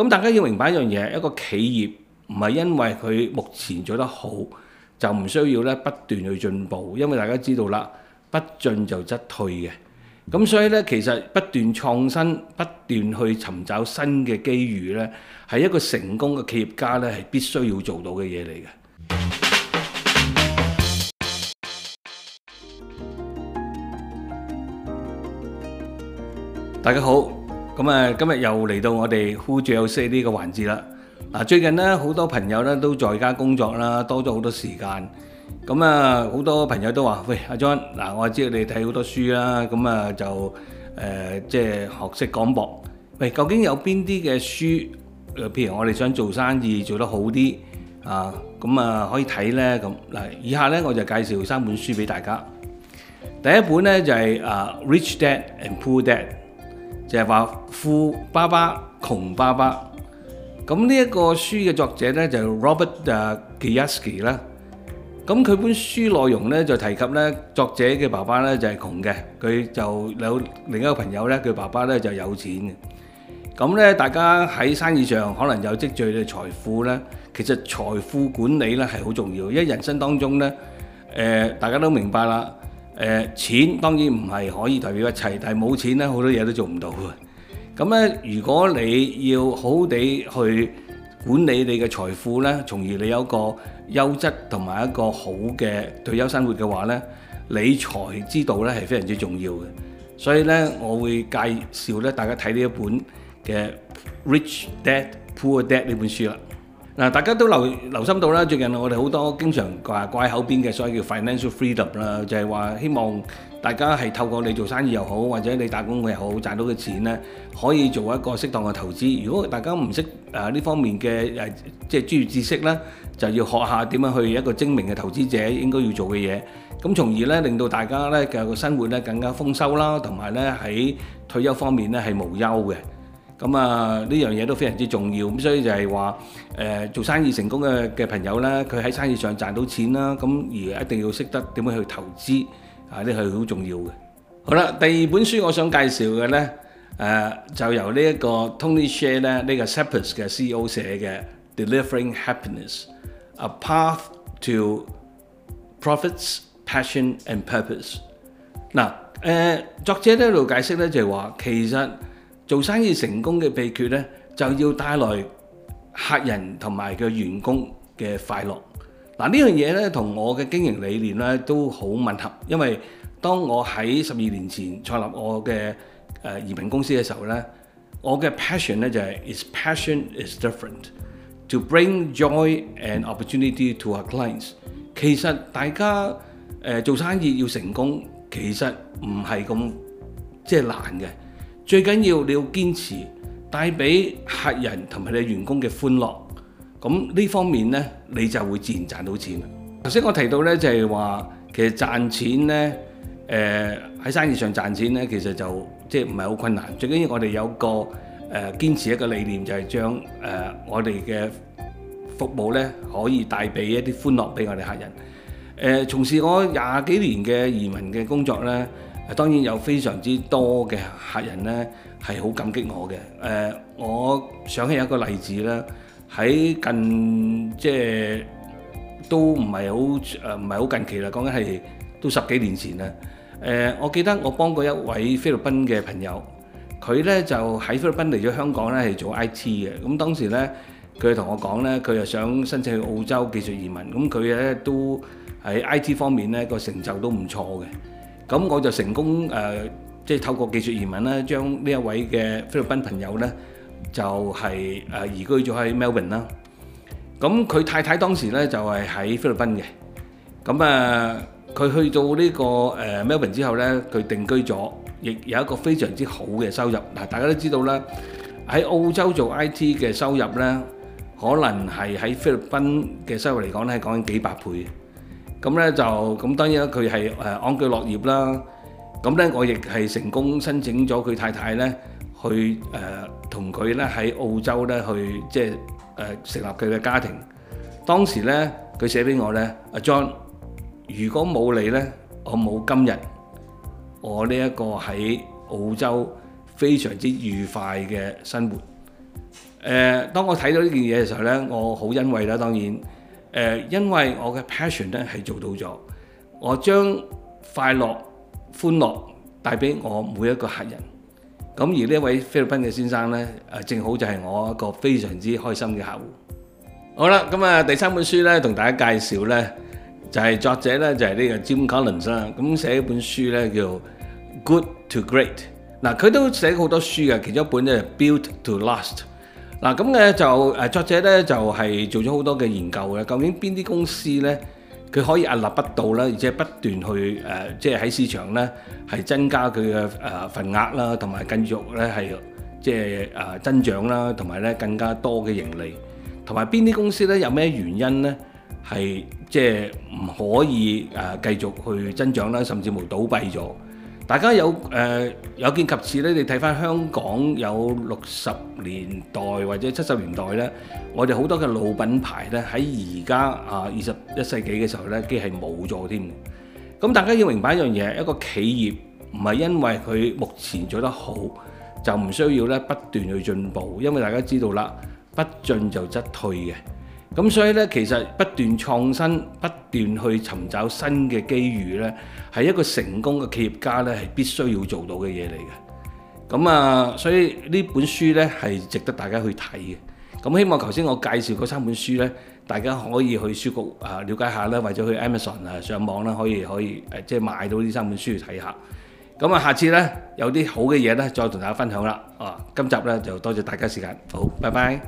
咁大家要明白一樣嘢，一個企業唔係因為佢目前做得好就唔需要咧不斷去進步，因為大家知道啦，不進就則退嘅。咁所以咧，其實不斷創新、不斷去尋找新嘅機遇咧，係一個成功嘅企業家咧係必須要做到嘅嘢嚟嘅。大家好。咁啊，今日又嚟到我哋 Hu 最有 Say 呢個環節啦。嗱，最近呢，好多朋友呢都在家工作啦，多咗好多時間。咁啊，好多朋友都話：喂，阿 John，嗱，我知道你睇好多書啦，咁啊就誒即係學識廣博。喂，究竟有邊啲嘅書？譬如我哋想做生意做得好啲啊，咁啊可以睇呢。咁嗱。以下呢，我就介紹三本書俾大家。第一本呢，就係、是《啊 Rich Dad and Poor Dad 就係話富爸爸窮爸爸，咁呢一個書嘅作者呢，就係 Robert 誒 Kiyosaki 啦。咁佢本書內容呢，就提及呢作者嘅爸爸呢，就係窮嘅，佢就有另一個朋友呢，佢爸爸呢，就有錢嘅。咁呢，大家喺生意上可能有積聚嘅財富呢，其實財富管理呢係好重要，因為人生當中呢，呃，大家都明白啦。誒錢當然唔係可以代表一切，但係冇錢咧，好多嘢都做唔到嘅。咁咧，如果你要好好地去管理你嘅財富咧，從而你有一個優質同埋一個好嘅退休生活嘅話咧，理財之道咧係非常之重要嘅。所以呢，我會介紹咧，大家睇呢一本嘅《Rich Dad Poor Dad》呢本書啦。嗱，大家都留留心到啦，最近我哋好多經常掛，掛口邊嘅，所謂叫 financial freedom 啦，就係話希望大家係透過你做生意又好，或者你打工嘅又好，賺到嘅錢呢，可以做一個適當嘅投資。如果大家唔識誒呢方面嘅誒，即係專業知識呢，就要學一下點樣去一個精明嘅投資者應該要做嘅嘢，咁從而呢，令到大家呢嘅生活呢更加豐收啦，同埋呢喺退休方面呢係無憂嘅。咁啊，呢樣嘢都非常之重要，咁所以就係話，誒，做生意成功嘅嘅朋友咧，佢喺生意上賺到錢啦，咁而一定要識得點樣去投資，啊，呢係好重要嘅。好啦，第二本書我想介紹嘅咧，誒，就由呢一個 Tony Share 咧，呢個 Zappos 嘅 CEO 寫嘅《Delivering Happiness：A Path to Profits, Passion and Purpose》。嗱，誒，作者呢度解釋咧就係話，其實做生意成功嘅秘訣呢，就要帶來客人同埋嘅員工嘅快樂。嗱、啊、呢樣嘢呢，同我嘅經營理念呢，都好吻合。因為當我喺十二年前創立我嘅誒移民公司嘅時候呢，我嘅 passion 呢、就是，就係 its passion is different to bring joy and opportunity to our clients。其實大家、呃、做生意要成功，其實唔係咁即係難嘅。最緊要你要堅持帶俾客人同埋你員工嘅歡樂，咁呢方面呢，你就會自然賺到錢啦。頭先我提到呢，就係話，其實賺錢呢，誒、呃、喺生意上賺錢呢，其實就即係唔係好困難。最緊要我哋有個誒、呃、堅持一個理念，就係、是、將誒、呃、我哋嘅服務呢，可以帶俾一啲歡樂俾我哋客人。誒、呃，從事我廿幾年嘅移民嘅工作呢。當然有非常之多嘅客人呢，係好感激我嘅。誒、呃，我想起一個例子咧，喺近即係都唔係好誒唔係好近期啦，講緊係都十幾年前啦、呃。我記得我幫過一位菲律賓嘅朋友，佢呢就喺菲律賓嚟咗香港呢，係做 IT 嘅。咁當時呢，佢同我講呢，佢又想申請去澳洲技術移民。咁佢呢都喺 IT 方面呢個成就都唔錯嘅。咁我就成功誒、呃，即係透過技術移民咧，將呢一位嘅菲律賓朋友呢，就係、是、誒、呃、移居咗喺 Melbourne 啦。咁佢太太當時呢，就係、是、喺菲律賓嘅。咁啊，佢、呃、去到呢、這個誒、呃、Melbourne 之後呢，佢定居咗，亦有一個非常之好嘅收入。嗱，大家都知道啦，喺澳洲做 IT 嘅收入呢，可能係喺菲律賓嘅收入嚟講呢，係講緊幾百倍。咁咧就咁當然啦，佢係誒安居樂業啦。咁咧我亦係成功申請咗佢太太咧去誒同佢咧喺澳洲咧去即係誒成立佢嘅家庭。當時咧佢寫俾我咧，阿 John，如果冇你咧，我冇今日，我呢一個喺澳洲非常之愉快嘅生活。誒，當我睇到呢件嘢嘅時候咧，我好欣慰啦，當然。誒，因為我嘅 passion 咧係做到咗，我將快樂、歡樂帶俾我每一個客人。咁而呢位菲律賓嘅先生呢，正好就係我一個非常之開心嘅客戶。好啦，咁啊第三本書呢，同大家介紹呢，就係作者呢，就係呢個 Jim Collins 啦。咁寫一本書呢，叫《Good to Great》。嗱，佢都寫好多書嘅，其中一本就係《Built to Last》。嗱咁咧就誒作者咧就係做咗好多嘅研究嘅，究竟邊啲公司咧佢可以屹立不倒啦，而且不斷去誒即係喺市場咧係增加佢嘅誒份額啦，同埋繼續咧係即係誒增長啦，同埋咧更加多嘅盈利，同埋邊啲公司咧有咩原因咧係即係唔可以誒繼續去增長啦，甚至乎倒閉咗。大家有誒、呃、有見及此咧，你睇翻香港有六十年代或者七十年代咧，我哋好多嘅老品牌咧喺而家啊二十一世紀嘅時候咧，梗係冇咗添。咁、嗯、大家要明白一樣嘢，一個企業唔係因為佢目前做得好就唔需要咧不斷去進步，因為大家知道啦，不進就則退嘅。咁所以咧，其實不斷創新、不斷去尋找新嘅機遇咧，係一個成功嘅企業家咧，係必須要做到嘅嘢嚟嘅。咁啊，所以呢本書咧係值得大家去睇嘅。咁希望頭先我介紹嗰三本書咧，大家可以去書局啊了解下啦，或者去 Amazon 啊上網啦，可以可以誒即係買到呢三本書去睇下。咁啊，下次咧有啲好嘅嘢咧，再同大家分享啦。啊，今集咧就多謝大家時間，好，拜拜。